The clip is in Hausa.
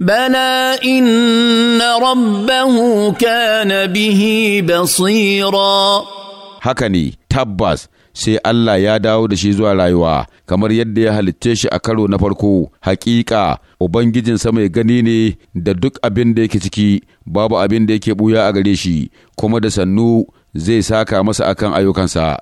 بلى إن ربه كان به بصيرا haka ne tabbas sai Allah ya dawo da shi zuwa rayuwa kamar yadda ya halicce shi a karo na farko hakika ubangijinsa mai gani ne da duk abin da yake ciki babu abin da yake buya a gare shi kuma da sannu zai saka masa akan ayyukansa